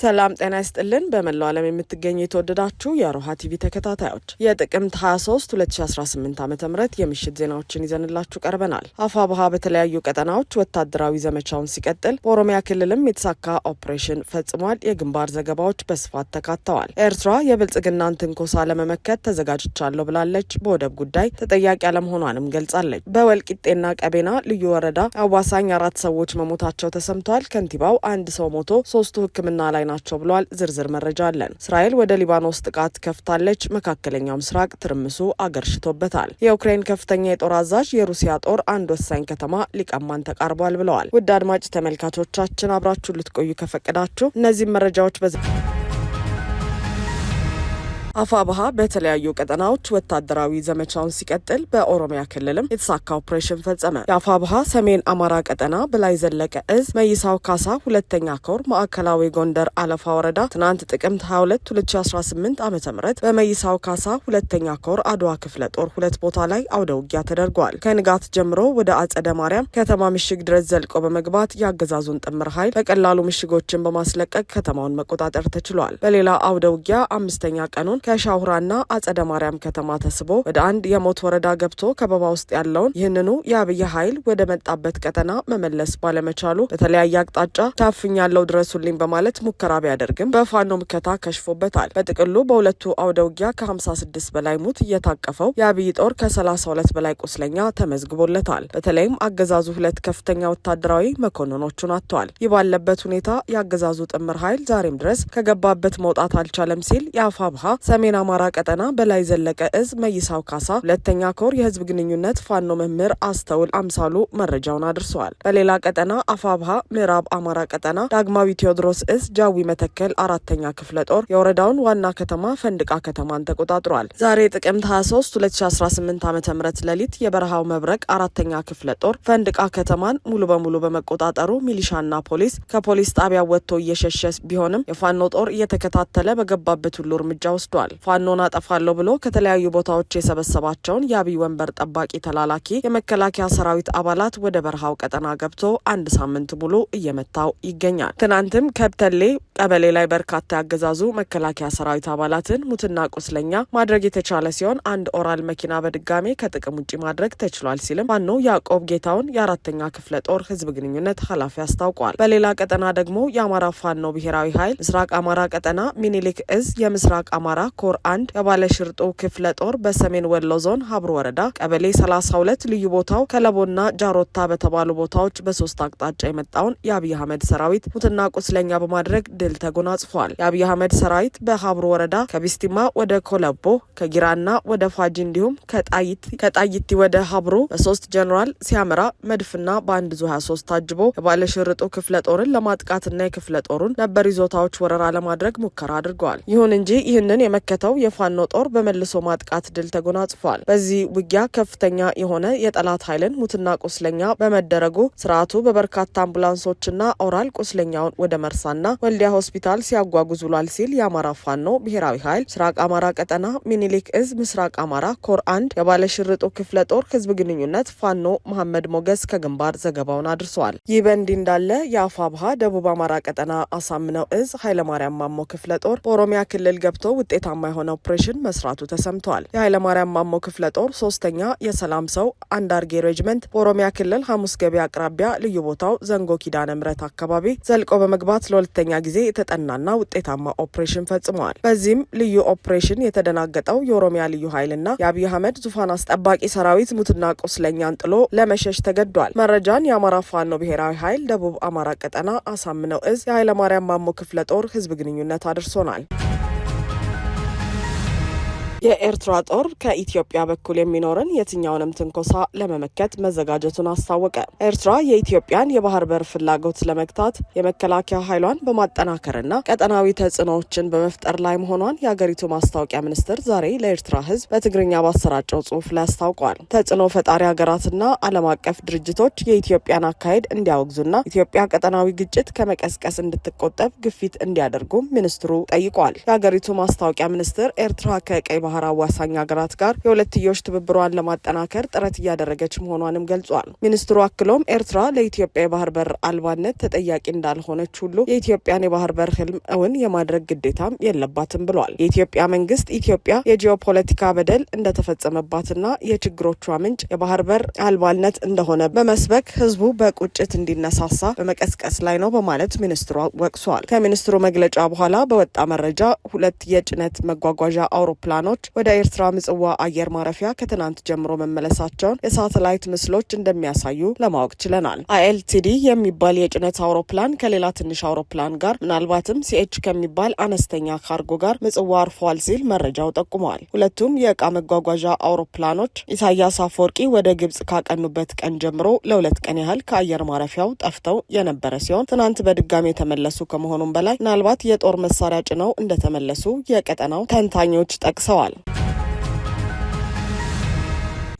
ሰላም ጤና ይስጥልን። በመላው ዓለም የምትገኙ የተወደዳችሁ የሮሃ ቲቪ ተከታታዮች የጥቅምት 23 2018 ዓ ም የምሽት ዜናዎችን ይዘንላችሁ ቀርበናል። አፋብሃ በተለያዩ ቀጠናዎች ወታደራዊ ዘመቻውን ሲቀጥል፣ በኦሮሚያ ክልልም የተሳካ ኦፕሬሽን ፈጽሟል። የግንባር ዘገባዎች በስፋት ተካተዋል። ኤርትራ የብልጽግናን ትንኮሳ ለመመከት ተዘጋጅቻለሁ ብላለች። በወደብ ጉዳይ ተጠያቂ አለመሆኗንም ገልጻለች። በወልቂጤና ቀቤና ልዩ ወረዳ አዋሳኝ አራት ሰዎች መሞታቸው ተሰምቷል። ከንቲባው አንድ ሰው ሞቶ ሶስቱ ህክምና ላይ ናቸው ብለዋል። ዝርዝር መረጃ አለን። እስራኤል ወደ ሊባኖስ ጥቃት ከፍታለች። መካከለኛው ምስራቅ ትርምሱ አገርሽቶበታል። የዩክሬን ከፍተኛ የጦር አዛዥ የሩሲያ ጦር አንድ ወሳኝ ከተማ ሊቀማን ተቃርቧል ብለዋል። ውድ አድማጭ ተመልካቾቻችን አብራችሁ ልትቆዩ ከፈቀዳችሁ እነዚህም መረጃዎች በ አፋብሃ በተለያዩ ቀጠናዎች ወታደራዊ ዘመቻውን ሲቀጥል በኦሮሚያ ክልልም የተሳካ ኦፕሬሽን ፈጸመ። የአፋብሃ ሰሜን አማራ ቀጠና በላይ ዘለቀ እዝ መይሳው ካሳ ሁለተኛ ኮር ማዕከላዊ ጎንደር አለፋ ወረዳ ትናንት ጥቅምት 22 2018 ዓ ም በመይሳው ካሳ ሁለተኛ ኮር አድዋ ክፍለ ጦር ሁለት ቦታ ላይ አውደ ውጊያ ተደርጓል። ከንጋት ጀምሮ ወደ አጸደ ማርያም ከተማ ምሽግ ድረስ ዘልቆ በመግባት የአገዛዙን ጥምር ኃይል በቀላሉ ምሽጎችን በማስለቀቅ ከተማውን መቆጣጠር ተችሏል። በሌላ አውደ ውጊያ አምስተኛ ቀኑን ከሻሁራና አጸደ ማርያም ከተማ ተስቦ ወደ አንድ የሞት ወረዳ ገብቶ ከበባ ውስጥ ያለውን ይህንኑ የአብይ ኃይል ወደ መጣበት ቀጠና መመለስ ባለመቻሉ በተለያየ አቅጣጫ ታፍኛለው ድረሱልኝ በማለት ሙከራ ቢያደርግም በፋኖ ምከታ ከሽፎበታል። በጥቅሉ በሁለቱ አውደ ውጊያ ከ56 በላይ ሙት እየታቀፈው የአብይ ጦር ከ32 በላይ ቁስለኛ ተመዝግቦለታል። በተለይም አገዛዙ ሁለት ከፍተኛ ወታደራዊ መኮንኖቹን አጥተዋል። ይህ ባለበት ሁኔታ የአገዛዙ ጥምር ኃይል ዛሬም ድረስ ከገባበት መውጣት አልቻለም ሲል የአፋ የአፋብሃ ሰሜን አማራ ቀጠና በላይ ዘለቀ እዝ መይሳው ካሳ ሁለተኛ ኮር የህዝብ ግንኙነት ፋኖ መምህር አስተውል አምሳሉ መረጃውን አድርሰዋል። በሌላ ቀጠና አፋብሃ ምዕራብ አማራ ቀጠና ዳግማዊ ቴዎድሮስ እዝ ጃዊ መተከል አራተኛ ክፍለ ጦር የወረዳውን ዋና ከተማ ፈንድቃ ከተማን ተቆጣጥሯል። ዛሬ ጥቅምት 23 2018 ዓ ም ሌሊት የበረሃው መብረቅ አራተኛ ክፍለ ጦር ፈንድቃ ከተማን ሙሉ በሙሉ በመቆጣጠሩ ሚሊሻና ፖሊስ ከፖሊስ ጣቢያ ወጥቶ እየሸሸ ቢሆንም የፋኖ ጦር እየተከታተለ በገባበት ሁሉ እርምጃ ወስዷል። ተናግረዋል። ፋኖን አጠፋለሁ ብሎ ከተለያዩ ቦታዎች የሰበሰባቸውን የአብይ ወንበር ጠባቂ ተላላኪ የመከላከያ ሰራዊት አባላት ወደ በረሃው ቀጠና ገብቶ አንድ ሳምንት ሙሉ እየመታው ይገኛል። ትናንትም ከብተሌ ቀበሌ ላይ በርካታ ያገዛዙ መከላከያ ሰራዊት አባላትን ሙትና ቁስለኛ ማድረግ የተቻለ ሲሆን አንድ ኦራል መኪና በድጋሜ ከጥቅም ውጭ ማድረግ ተችሏል ሲልም ፋኖ ያዕቆብ ጌታውን የአራተኛ ክፍለ ጦር ህዝብ ግንኙነት ኃላፊ አስታውቋል። በሌላ ቀጠና ደግሞ የአማራ ፋኖ ብሔራዊ ኃይል ምስራቅ አማራ ቀጠና ሚኒሊክ እዝ የምስራቅ አማራ ኮር አንድ የባለሽርጡ ክፍለ ጦር በሰሜን ወሎ ዞን ሀብሩ ወረዳ ቀበሌ 32 ልዩ ቦታው ከለቦና ጃሮታ በተባሉ ቦታዎች በሶስት አቅጣጫ የመጣውን የአብይ አህመድ ሰራዊት ሙትና ቁስለኛ በማድረግ ድል ተጎናጽፏል። የአብይ አህመድ ሰራዊት በሀብሮ ወረዳ ከቢስቲማ ወደ ኮለቦ፣ ከጊራና ወደ ፋጂ እንዲሁም ከጣይቲ ወደ ሀብሮ በሶስት ጀኔራል ሲያመራ መድፍና በአንድ ዙ 23 ታጅቦ የባለሽርጡ ክፍለ ጦርን ለማጥቃትና የክፍለ ጦሩን ነበር ይዞታዎች ወረራ ለማድረግ ሙከራ አድርገዋል። ይሁን እንጂ ይህንን የመከተው የፋኖ ጦር በመልሶ ማጥቃት ድል ተጎናጽፏል። በዚህ ውጊያ ከፍተኛ የሆነ የጠላት ኃይልን ሙትና ቁስለኛ በመደረጉ ስርዓቱ በበርካታ አምቡላንሶችና ኦራል ቁስለኛውን ወደ መርሳና ወልዲያ ሆስፒታል ሲያጓጉዝ ውሏል ሲል የአማራ ፋኖ ብሔራዊ ኃይል ምስራቅ አማራ ቀጠና ሚኒሊክ እዝ ምስራቅ አማራ ኮር አንድ የባለሽርጡ ክፍለ ጦር ህዝብ ግንኙነት ፋኖ መሐመድ ሞገስ ከግንባር ዘገባውን አድርሰዋል። ይህ በእንዲህ እንዳለ ባሀ ደቡብ አማራ ቀጠና አሳምነው እዝ ኃይለማርያም ማሞ ክፍለ ጦር በኦሮሚያ ክልል ገብቶ ውጤታማ የሆነ ኦፕሬሽን መስራቱ ተሰምተዋል። የኃይለማርያም ማሞ ክፍለ ጦር ሶስተኛ የሰላም ሰው አንዳርጌ ሬጅመንት በኦሮሚያ ክልል ሐሙስ ገበያ አቅራቢያ ልዩ ቦታው ዘንጎ ኪዳነ ምረት አካባቢ ዘልቆ በመግባት ለሁለተኛ ጊዜ የተጠናና ውጤታማ ኦፕሬሽን ፈጽመዋል። በዚህም ልዩ ኦፕሬሽን የተደናገጠው የኦሮሚያ ልዩ ኃይልና የአብይ አህመድ ዙፋን አስጠባቂ ሰራዊት ሙትና ቁስለኛን ጥሎ ለመሸሽ ተገዷል። መረጃን የአማራ ፋኖ ብሔራዊ ኃይል ደቡብ አማራ ቀጠና አሳምነው እዝ የኃይለማርያም ማሞ ክፍለ ጦር ህዝብ ግንኙነት አድርሶናል። የኤርትራ ጦር ከኢትዮጵያ በኩል የሚኖርን የትኛውንም ትንኮሳ ለመመከት መዘጋጀቱን አስታወቀ። ኤርትራ የኢትዮጵያን የባህር በር ፍላጎት ለመግታት የመከላከያ ኃይሏን በማጠናከርና ቀጠናዊ ተጽዕኖዎችን በመፍጠር ላይ መሆኗን የአገሪቱ ማስታወቂያ ሚኒስትር ዛሬ ለኤርትራ ሕዝብ በትግርኛ ባሰራጨው ጽሑፍ ላይ አስታውቋል። ተጽዕኖ ፈጣሪ ሀገራትና ዓለም አቀፍ ድርጅቶች የኢትዮጵያን አካሄድ እንዲያወግዙና ኢትዮጵያ ቀጠናዊ ግጭት ከመቀስቀስ እንድትቆጠብ ግፊት እንዲያደርጉም ሚኒስትሩ ጠይቋል። የአገሪቱ ማስታወቂያ ሚኒስትር ኤርትራ ከቀይ ባህር አዋሳኝ ሀገራት ጋር የሁለትዮሽ ትብብሯን ለማጠናከር ጥረት እያደረገች መሆኗንም ገልጿል። ሚኒስትሩ አክሎም ኤርትራ ለኢትዮጵያ የባህር በር አልባነት ተጠያቂ እንዳልሆነች ሁሉ የኢትዮጵያን የባህር በር ህልም እውን የማድረግ ግዴታም የለባትም ብሏል። የኢትዮጵያ መንግስት ኢትዮጵያ የጂኦፖለቲካ በደል እንደተፈጸመባትና የችግሮቿ ምንጭ የባህር በር አልባነት እንደሆነ በመስበክ ህዝቡ በቁጭት እንዲነሳሳ በመቀስቀስ ላይ ነው በማለት ሚኒስትሩ ወቅሷል። ከሚኒስትሩ መግለጫ በኋላ በወጣ መረጃ ሁለት የጭነት መጓጓዣ አውሮፕላኖች አውሮፕላኖች ወደ ኤርትራ ምጽዋ አየር ማረፊያ ከትናንት ጀምሮ መመለሳቸውን የሳተላይት ምስሎች እንደሚያሳዩ ለማወቅ ችለናል። አይኤልቲዲ የሚባል የጭነት አውሮፕላን ከሌላ ትንሽ አውሮፕላን ጋር ምናልባትም ሲኤች ከሚባል አነስተኛ ካርጎ ጋር ምጽዋ አርፏል ሲል መረጃው ጠቁመዋል። ሁለቱም የእቃ መጓጓዣ አውሮፕላኖች ኢሳያስ አፈወርቂ ወደ ግብጽ ካቀኑበት ቀን ጀምሮ ለሁለት ቀን ያህል ከአየር ማረፊያው ጠፍተው የነበረ ሲሆን ትናንት በድጋሚ የተመለሱ ከመሆኑም በላይ ምናልባት የጦር መሳሪያ ጭነው እንደተመለሱ የቀጠናው ተንታኞች ጠቅሰዋል። Bye.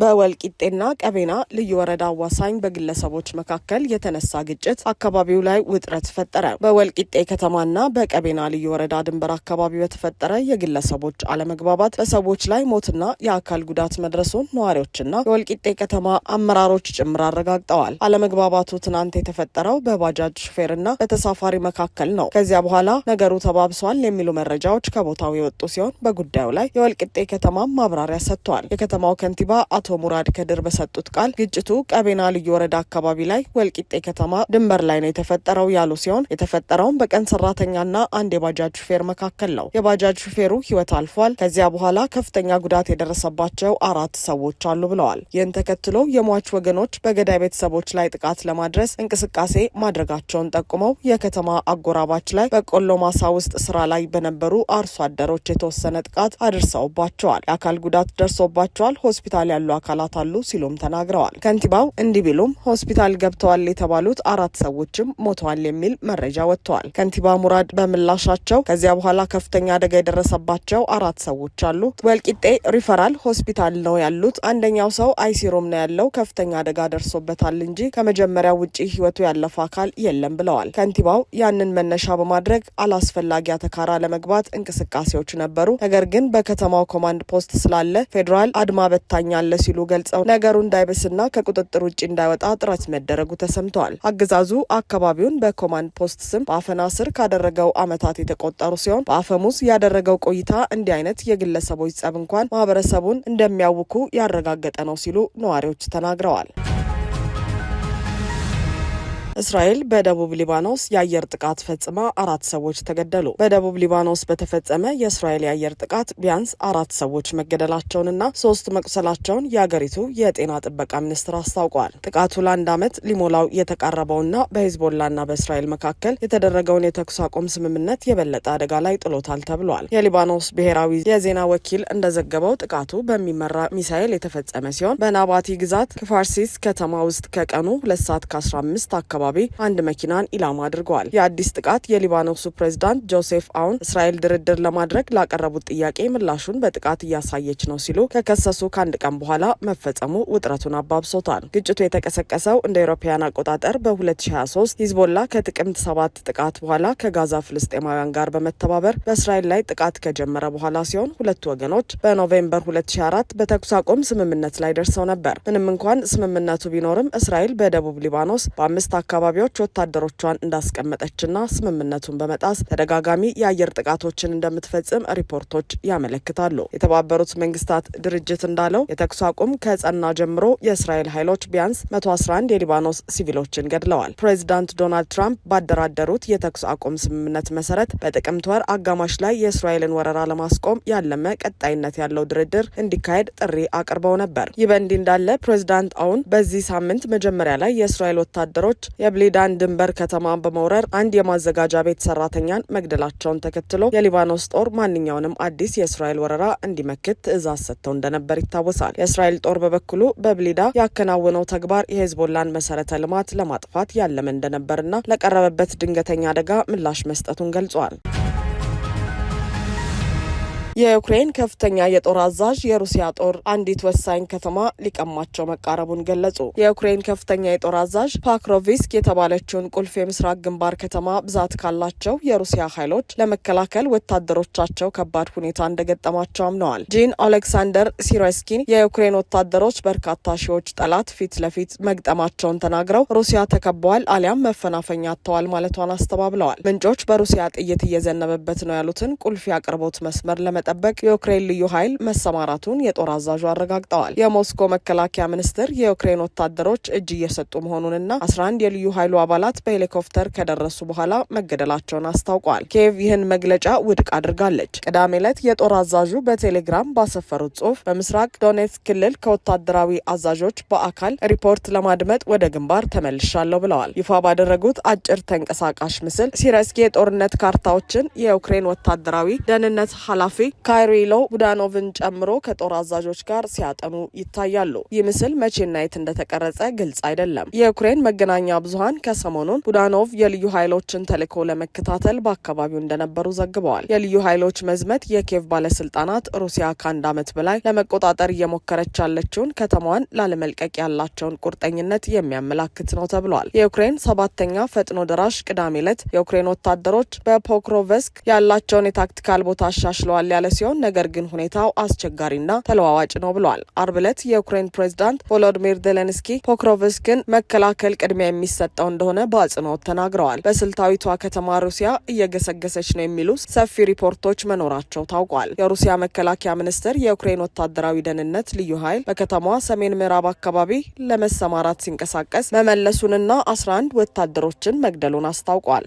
በወልቂጤና ቀቤና ልዩ ወረዳ አዋሳኝ በግለሰቦች መካከል የተነሳ ግጭት አካባቢው ላይ ውጥረት ፈጠረ። በወልቂጤ ከተማና በቀቤና ልዩ ወረዳ ድንበር አካባቢ በተፈጠረ የግለሰቦች አለመግባባት በሰዎች ላይ ሞትና የአካል ጉዳት መድረሱን ነዋሪዎችና የወልቂጤ ከተማ አመራሮች ጭምር አረጋግጠዋል። አለመግባባቱ ትናንት የተፈጠረው በባጃጅ ሹፌርና በተሳፋሪ መካከል ነው። ከዚያ በኋላ ነገሩ ተባብሷል የሚሉ መረጃዎች ከቦታው የወጡ ሲሆን በጉዳዩ ላይ የወልቂጤ ከተማ ማብራሪያ ሰጥቷል። የከተማው ከንቲባ አቶ ሙራድ ከድር በሰጡት ቃል ግጭቱ ቀቤና ልዩ ወረዳ አካባቢ ላይ ወልቂጤ ከተማ ድንበር ላይ ነው የተፈጠረው ያሉ ሲሆን የተፈጠረውም በቀን ሰራተኛና አንድ የባጃጅ ሹፌር መካከል ነው። የባጃጅ ሹፌሩ ህይወት አልፏል። ከዚያ በኋላ ከፍተኛ ጉዳት የደረሰባቸው አራት ሰዎች አሉ ብለዋል። ይህን ተከትሎ የሟች ወገኖች በገዳይ ቤተሰቦች ላይ ጥቃት ለማድረስ እንቅስቃሴ ማድረጋቸውን ጠቁመው የከተማ አጎራባች ላይ በቆሎ ማሳ ውስጥ ስራ ላይ በነበሩ አርሶ አደሮች የተወሰነ ጥቃት አድርሰውባቸዋል። የአካል ጉዳት ደርሶባቸዋል። ሆስፒታል ያሉ አካላት አሉ ሲሉም ተናግረዋል። ከንቲባው እንዲህ ቢሉም ሆስፒታል ገብተዋል የተባሉት አራት ሰዎችም ሞተዋል የሚል መረጃ ወጥተዋል። ከንቲባ ሙራድ በምላሻቸው ከዚያ በኋላ ከፍተኛ አደጋ የደረሰባቸው አራት ሰዎች አሉ። ወልቂጤ ሪፈራል ሆስፒታል ነው ያሉት። አንደኛው ሰው አይሲሮም ነው ያለው። ከፍተኛ አደጋ ደርሶበታል እንጂ ከመጀመሪያው ውጪ ህይወቱ ያለፈ አካል የለም ብለዋል። ከንቲባው ያንን መነሻ በማድረግ አላስፈላጊ አተካራ ለመግባት እንቅስቃሴዎች ነበሩ። ነገር ግን በከተማው ኮማንድ ፖስት ስላለ ፌዴራል አድማ በታኝ ሲሉ ገልጸው ነገሩ እንዳይብስና ከቁጥጥር ውጭ እንዳይወጣ ጥረት መደረጉ ተሰምተዋል። አገዛዙ አካባቢውን በኮማንድ ፖስት ስም በአፈና ስር ካደረገው ዓመታት የተቆጠሩ ሲሆን በአፈሙዝ ያደረገው ቆይታ እንዲህ አይነት የግለሰቦች ጸብ እንኳን ማህበረሰቡን እንደሚያውኩ ያረጋገጠ ነው ሲሉ ነዋሪዎች ተናግረዋል። እስራኤል በደቡብ ሊባኖስ የአየር ጥቃት ፈጽማ አራት ሰዎች ተገደሉ። በደቡብ ሊባኖስ በተፈጸመ የእስራኤል የአየር ጥቃት ቢያንስ አራት ሰዎች መገደላቸውንና ሶስት መቁሰላቸውን የአገሪቱ የጤና ጥበቃ ሚኒስትር አስታውቋል። ጥቃቱ ለአንድ ዓመት ሊሞላው የተቃረበውና በሂዝቦላና በእስራኤል መካከል የተደረገውን የተኩስ አቁም ስምምነት የበለጠ አደጋ ላይ ጥሎታል ተብሏል። የሊባኖስ ብሔራዊ የዜና ወኪል እንደዘገበው ጥቃቱ በሚመራ ሚሳኤል የተፈጸመ ሲሆን በናባቲ ግዛት ክፋርሲስ ከተማ ውስጥ ከቀኑ ሁለት ሰዓት ከ15 አካባቢ አካባቢ አንድ መኪናን ኢላማ አድርገዋል። የአዲስ ጥቃት የሊባኖሱ ፕሬዚዳንት ጆሴፍ አውን እስራኤል ድርድር ለማድረግ ላቀረቡት ጥያቄ ምላሹን በጥቃት እያሳየች ነው ሲሉ ከከሰሱ ከአንድ ቀን በኋላ መፈጸሙ ውጥረቱን አባብሶታል። ግጭቱ የተቀሰቀሰው እንደ አውሮፓውያን አቆጣጠር በ2023 ሂዝቦላ ከጥቅምት ሰባት ጥቃት በኋላ ከጋዛ ፍልስጤማውያን ጋር በመተባበር በእስራኤል ላይ ጥቃት ከጀመረ በኋላ ሲሆን ሁለቱ ወገኖች በኖቬምበር 204 በተኩስ አቁም ስምምነት ላይ ደርሰው ነበር። ምንም እንኳን ስምምነቱ ቢኖርም እስራኤል በደቡብ ሊባኖስ በአምስት አካባቢዎች ወታደሮቿን እንዳስቀመጠችና ስምምነቱን በመጣስ ተደጋጋሚ የአየር ጥቃቶችን እንደምትፈጽም ሪፖርቶች ያመለክታሉ። የተባበሩት መንግስታት ድርጅት እንዳለው የተኩስ አቁም ከጸና ጀምሮ የእስራኤል ኃይሎች ቢያንስ 111 የሊባኖስ ሲቪሎችን ገድለዋል። ፕሬዚዳንት ዶናልድ ትራምፕ ባደራደሩት የተኩስ አቁም ስምምነት መሰረት በጥቅምት ወር አጋማሽ ላይ የእስራኤልን ወረራ ለማስቆም ያለመ ቀጣይነት ያለው ድርድር እንዲካሄድ ጥሪ አቅርበው ነበር። ይህ በእንዲህ እንዳለ ፕሬዚዳንት አሁን በዚህ ሳምንት መጀመሪያ ላይ የእስራኤል ወታደሮች የብሊዳን ድንበር ከተማን በመውረር አንድ የማዘጋጃ ቤት ሰራተኛን መግደላቸውን ተከትሎ የሊባኖስ ጦር ማንኛውንም አዲስ የእስራኤል ወረራ እንዲመክት ትዕዛዝ ሰጥተው እንደነበር ይታወሳል። የእስራኤል ጦር በበኩሉ በብሊዳ ያከናወነው ተግባር የሄዝቦላን መሰረተ ልማት ለማጥፋት ያለመ እንደነበርና ለቀረበበት ድንገተኛ አደጋ ምላሽ መስጠቱን ገልጿል። የዩክሬን ከፍተኛ የጦር አዛዥ የሩሲያ ጦር አንዲት ወሳኝ ከተማ ሊቀማቸው መቃረቡን ገለጹ። የዩክሬን ከፍተኛ የጦር አዛዥ ፓክሮቪስክ የተባለችውን ቁልፍ የምስራቅ ግንባር ከተማ ብዛት ካላቸው የሩሲያ ኃይሎች ለመከላከል ወታደሮቻቸው ከባድ ሁኔታ እንደገጠማቸው አምነዋል። ጂን ኦሌክሳንደር ሲሮስኪን የዩክሬን ወታደሮች በርካታ ሺዎች ጠላት ፊት ለፊት መግጠማቸውን ተናግረው ሩሲያ ተከበዋል አሊያም መፈናፈኛ አጥተዋል ማለቷን አስተባብለዋል። ምንጮች በሩሲያ ጥይት እየዘነበበት ነው ያሉትን ቁልፍ የአቅርቦት መስመር ለመ ለመጠበቅ የዩክሬን ልዩ ኃይል መሰማራቱን የጦር አዛዡ አረጋግጠዋል። የሞስኮ መከላከያ ሚኒስትር የዩክሬን ወታደሮች እጅ እየሰጡ መሆኑንና 11 የልዩ ኃይሉ አባላት በሄሊኮፕተር ከደረሱ በኋላ መገደላቸውን አስታውቋል። ኬቭ ይህን መግለጫ ውድቅ አድርጋለች። ቅዳሜ ዕለት የጦር አዛዡ በቴሌግራም ባሰፈሩት ጽሁፍ በምስራቅ ዶኔትስክ ክልል ከወታደራዊ አዛዦች በአካል ሪፖርት ለማድመጥ ወደ ግንባር ተመልሻለሁ ብለዋል። ይፋ ባደረጉት አጭር ተንቀሳቃሽ ምስል ሲረስኪ የጦርነት ካርታዎችን የዩክሬን ወታደራዊ ደህንነት ኃላፊ ካይሪሎ ቡዳኖቭን ጨምሮ ከጦር አዛዦች ጋር ሲያጠኑ ይታያሉ። ይህ ምስል መቼና የት እንደተቀረጸ ግልጽ አይደለም። የዩክሬን መገናኛ ብዙሀን ከሰሞኑን ቡዳኖቭ የልዩ ኃይሎችን ተልዕኮ ለመከታተል በአካባቢው እንደነበሩ ዘግበዋል። የልዩ ኃይሎች መዝመት የኪየቭ ባለስልጣናት ሩሲያ ከአንድ ዓመት በላይ ለመቆጣጠር እየሞከረች ያለችውን ከተማዋን ላለመልቀቅ ያላቸውን ቁርጠኝነት የሚያመላክት ነው ተብሏል። የዩክሬን ሰባተኛ ፈጥኖ ደራሽ ቅዳሜ ዕለት የዩክሬን ወታደሮች በፖክሮቨስክ ያላቸውን የታክቲካል ቦታ አሻሽለዋል ያለ ሲሆን ነገር ግን ሁኔታው አስቸጋሪና ተለዋዋጭ ነው ብሏል። አርብ ዕለት የዩክሬን ፕሬዚዳንት ቮሎዲሚር ዜሌንስኪ ፖክሮቭስክን መከላከል ቅድሚያ የሚሰጠው እንደሆነ በአጽንኦት ተናግረዋል። በስልታዊቷ ከተማ ሩሲያ እየገሰገሰች ነው የሚሉ ሰፊ ሪፖርቶች መኖራቸው ታውቋል። የሩሲያ መከላከያ ሚኒስትር የዩክሬን ወታደራዊ ደህንነት ልዩ ኃይል በከተማዋ ሰሜን ምዕራብ አካባቢ ለመሰማራት ሲንቀሳቀስ መመለሱንና አንድ ወታደሮችን መግደሉን አስታውቋል።